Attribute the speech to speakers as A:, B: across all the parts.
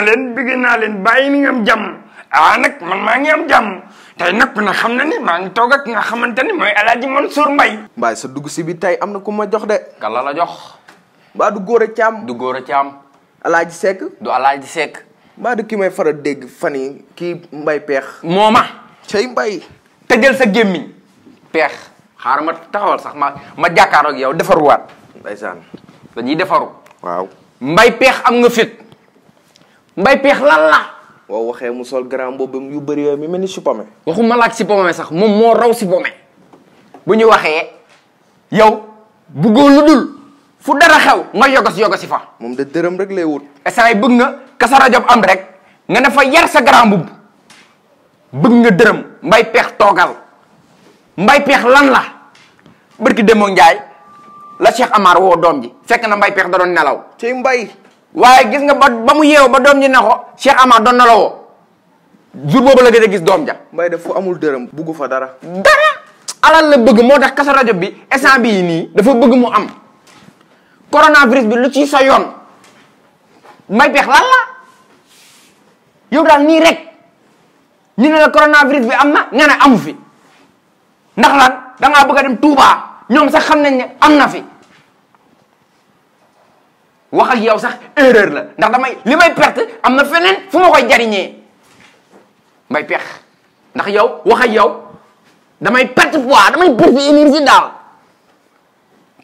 A: len leen bëgg naa leen bàyyi ni nga am ah nak man ma ngi am jam tay nak na xamna ni ma ngi toog ak nga xamanteni moy Mansour mbay sa dugg si bi tay amna kuma jox de. kala la jox. ba du gore a caam. du gore a caam. El Hadj du El sek ba du ki may fara deg fani ki mbay pex moma cey sa gemmi pex taxawal sax ma ma jakar ak yow wat ndaysan dañuy defaru. waw mbay pex am nga fit mbay pex lan la wo waxe mu sol grand bobu yu bëri yo mi melni supame waxuma ci pomé sax mom mo raw ci pomé buñu waxee yow bu go dul fu dara xew nga yogas yogosi fa mom de deureum rek lay wut essay bëgg nga kasara job am rek nga na fa yar sa grand bobu bëgg nga deureum mbay pex togal mbay pex lan la barki demo ndjay la cheikh amar wo dom ji fekk na mbay pex da don nelaw ci mbay waye gis nga ba bamu yew ba dom ji nako Cheikh amad don na la woo jour bobu la gëna gis dom ja. may def fu amul deureum bugg fa dara. dara alal la bëgg moo tax kasa bi instant bi ni dafa bëgg mu am coronavirus bi lu ci sa yoon may pex lan la yow dal ni rek ni na coronavirus bi amna nga na amu fi ndax lan da nga bëgg dem Touba ñom sax xam nañ ne am na fi. wax ak yow sax erreur la ndax damay li may perte am na feneen fu ma koy jariñee may pex ndax yow wax ak yow damay perte poids damay perte énergie daal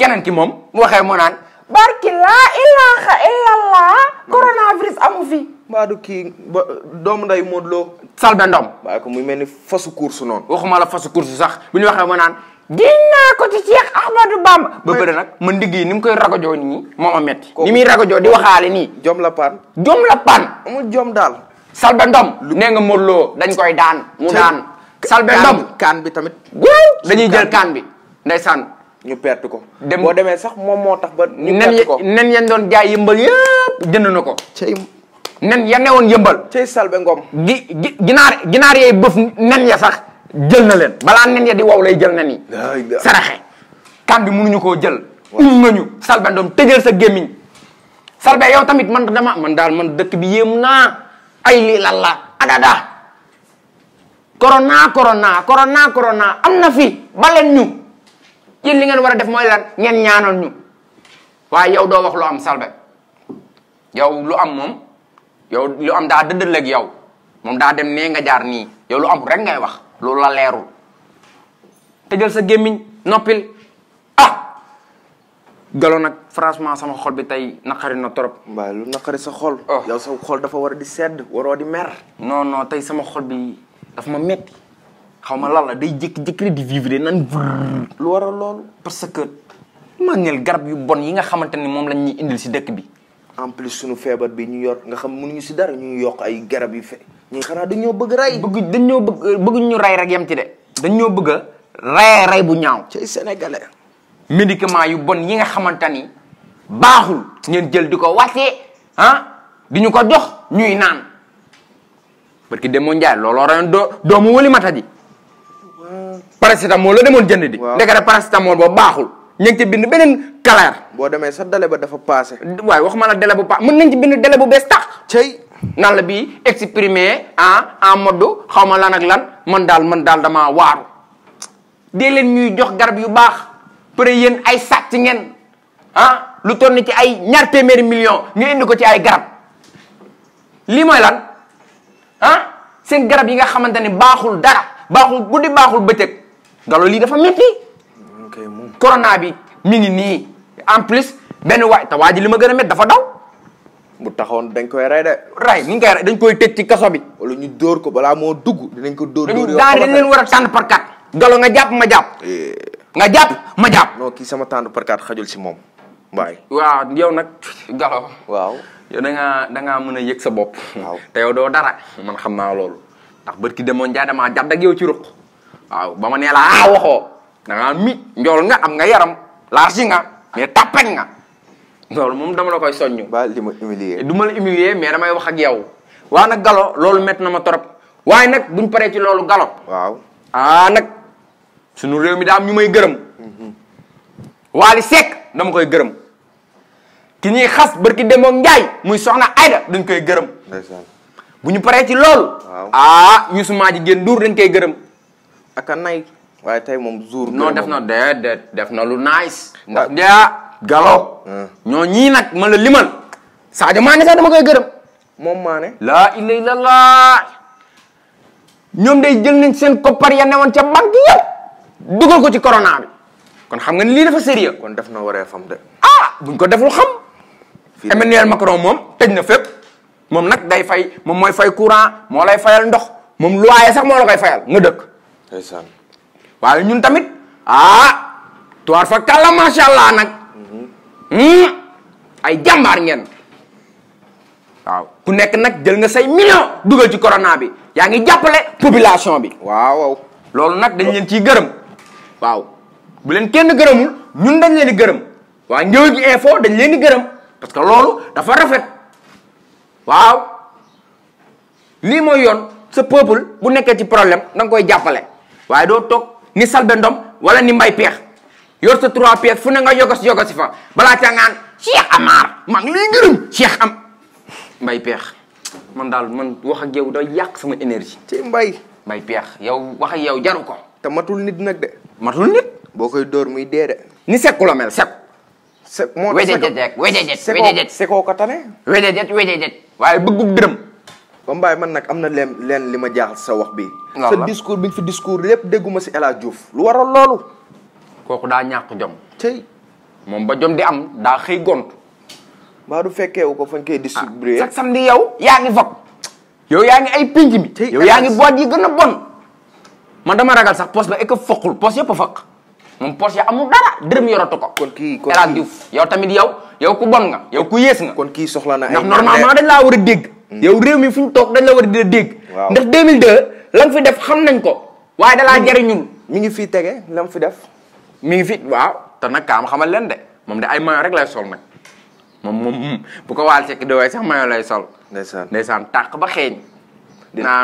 A: keneen ki moom mu waxee moo naan barki laa ilaha illallah coronavirus amu fi mbaa du kii ba doomu nday Modou Lo salbe ndom waaye ko muy mel ni fasu course noonu waxuma la fasu course sax bu ñu waxee moo naan dina ko ci Cheikh Ahmadou Bamba ba beure nak man digi nim mu koy ragojoo ni mo a metti ni muy di waxale ni jom la pan jom la pan mu jom dal salbe ndom ne nga morloo dañ koy daan mu daan salbe ndom kan bi tamit dañuy jël kan bi ndaysan ñu perte ko bo boo sax mom mo tax ba ñu perte ya- ko nen yan doon jaay yëmbal yépp jënd nako cey nen ya newoon yëmbal cey salbe ngom gi ginaar ginaar bëf nen ya sax jël na len bala nen ya di waw lay jël na ni saraxé kan bi mënuñu ko jël um nañu salbe doom tëjal sa gémmiñ salbe yow tamit man dama man dal man dekk bi yemna ay li la la adada corona corona corona corona amna fi balen ñu yeen li ngeen wara def moy lan ngeen ñaanal ñu waaye yow do wax lu am salbe yow lu am mom yow lu am da dëddal ak yow mom da dem ne nga jaar ni yow lu am rek ngay wax loolu la leerul tëjal sa gémmiñ noppil ah galo nag franchement sama xol bi tey naqari na trop waaye lu naqari sa xol oh. yow sa xol dafa war a di sedd waroo di mer non non tey sama xol bi dafa ma metti xaw ma lan la day jékki-jékki di vivre nan lu war a loolu parce que manuel garab yu bon yi nga xamante ni moom lañ ñuy indil si dëkk bi en plus suñu feebar bi ñu yor nga xam mënuñu si dara ñuy yokk ay garab yu fe mais xanaa dañoo bëgg ray bëgg dañu bëgg ñu ray rek yam ci dé dañu bëgg ray ray bu ñaaw ci sénégalais médicament yu bon yi nga xamantani baaxul ñeen jël diko ko han ah ko jox ñuy naan barki que ndjay lolo looloo do do mu wëli mata ji paracétamol la demoon jënd di nek ndekete paracétamol bo baaxul ñu ci bind benen kalaar bo démé sa délai ba dafa passé waaye waxuma la délai bu pa mën nañ ci bind délai bu bees tax cey nan la bi exprimer en en mode xawma lan ak lan man dal man dal dama waru de len ñuy jox garab yu bax pre yeen ay sacc ngeen ah lu ton ci ay ñaar témer million ñu indi ko ci ay garab li moy lan ah seen garab yi nga xamanteni baxul dara baxul gudi baxul betek galo li dafa metti corona bi mi ngi ni en plus ben way ta waji lima gëna met dafa daw mu taxone dañ koy ray de ray ni ngay ray dañ koy tecc ci kasso bi wala ñu door ko bala mo dugg dinañ ko door door daal dañ leen wara a par kat galo nga japp ma japp nga japp ma eh. japp no ki sama tànn par kat xajul ci mom bay waaw yow nak galo waaw yow da nga da nga mëna yek sa bop waaw te yow do dara man xamna lool loolu ndax bët ki demoon jaay damaa jàpp ak yow ci ruq waaw bama neela ya nee la ah waxoo da nga mi ndol nga am nga yaram la si nga mais tappañ nga loolu moom dama la koy soññu. ba li ma humilier. du ma la humilier mais damay wax ak yow. waa nag galo loolu métti na ma trop waaye nag buñ paree ci loolu galo. waaw ah nag sunu réew mi daa am ñu may gërëm. Mm-hmm. Waly Seck dama koy gërëm. ki ñuy xas barki demoon Ndiaye muy soxna Aida dañ koy gërëm. bu ñu paree ci loolu. waaw ah Youssou Madji Guène dañ koy gërëm. ak a nay waaye tey moom jour. non def na déedéet def na lu nice. galo hmm. ñoo ñi nak ma la limal sadio mané sax dama koy gërëm moom mané la ilaha illallah ñom day jël nañ seen copar ya newoon ci banque ya duggal ko ci corona bi kon xam nga li dafa sérieux kon def na waree fam de ah buñ ko deful xam emmanuel macron mom tëj na fep mom nak day fay mom moy fay courant mo lay fayal ndox mom loyer sax mo la koy fayal nga dëkk ndeysaan waaye ñun tamit ah tuar fa kala macha allah Hmm? ay jàmbaar ngeen waaw ku nekk nag jël nga say million dugal ci corona bi yaa ngi jàppale population bi waaw waaw loolu nag dañ leen ciy gërëm waaw bu leen kenn gërëmu ñun dañ leen di gërëm waa Ngéwél gi info dañ leen di gërëm parce que loolu dafa rafet waaw lii mooy yoon sa peuple bu nekkee ci problème da koy jàppale waaye doo toog ni Selbé Ndom wala ni Mbaye Pekh yor sa trois pièces fune nga yogas yogas fa bala ca ngan cheikh amar mang li ngeureum cheikh am mbay peex man dal man wax ak yow da yak sama énergie ci mbay mbay peex yow wax ak yow jaru ko te matul nit nak de matul nit bokoy dor muy dede ni sekku la mel sek sek mo wede rek wede wedejet seko ko tane wede wedejet waye bëgguk dërëm ba mbay man nak amna len len lima jaxal sa wax bi sa discours bi fi discours lepp deguma ci Ela Diouf lu waral lolu koku da ñak jom tey mom ba jom di am da xey gont ba du wu ko fañ koy distribuer ah, sax samedi yow yaangi ngi yow yaangi ngi ay pinj mi yow yaangi boot yi gëna bon man dama ragal sax poste ba et que foqul poche yëpp a faq moom ya amul dara dërëm yoratu ko kon ki kon ki yow tamit yow yow ku bon nga yow ku yes nga kon ki soxla na ay normalement mm. dañ la wara deg yow rew mi fuñ tok dañ la wara deg ndax 2002 lañ fi def xam nañ ko waye da la jariñul mi ngi fi tege lam fi def mi ngi fi waaw te nag kaam xamal leen de moom de ay maillot rek lay sol nag moom moom bu ko waal sekk di waaye sax maillot lay sol. ndeysaan ndeysaan tàq ba xeeñ. di naan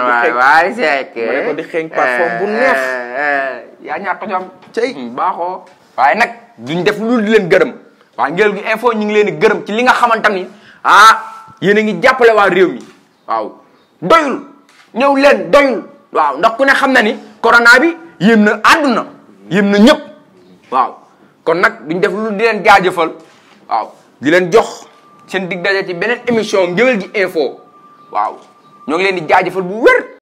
A: ko di xeeñ parfum bu neex. Eh, eh, eh, yaa ñàkk jom cey hmm, baaxoo. waaye nag duñ def lu di leen gërëm waa Nguel gi info ñu ngi leen di gërëm ci li nga xamante ni ah yéen a ngi jàppale waa réew mi waaw doyul ñëw leen doyul waaw ndax ku ne xam na ni corona bi yéem na àdduna yéem na ñëpp. waaw kon nag duñ def lu di leen jaajëfal waaw di leen jox seen dig daje ci beneen émission ngéwél gi info waaw ñoo ngi leen di jaajëfal bu wër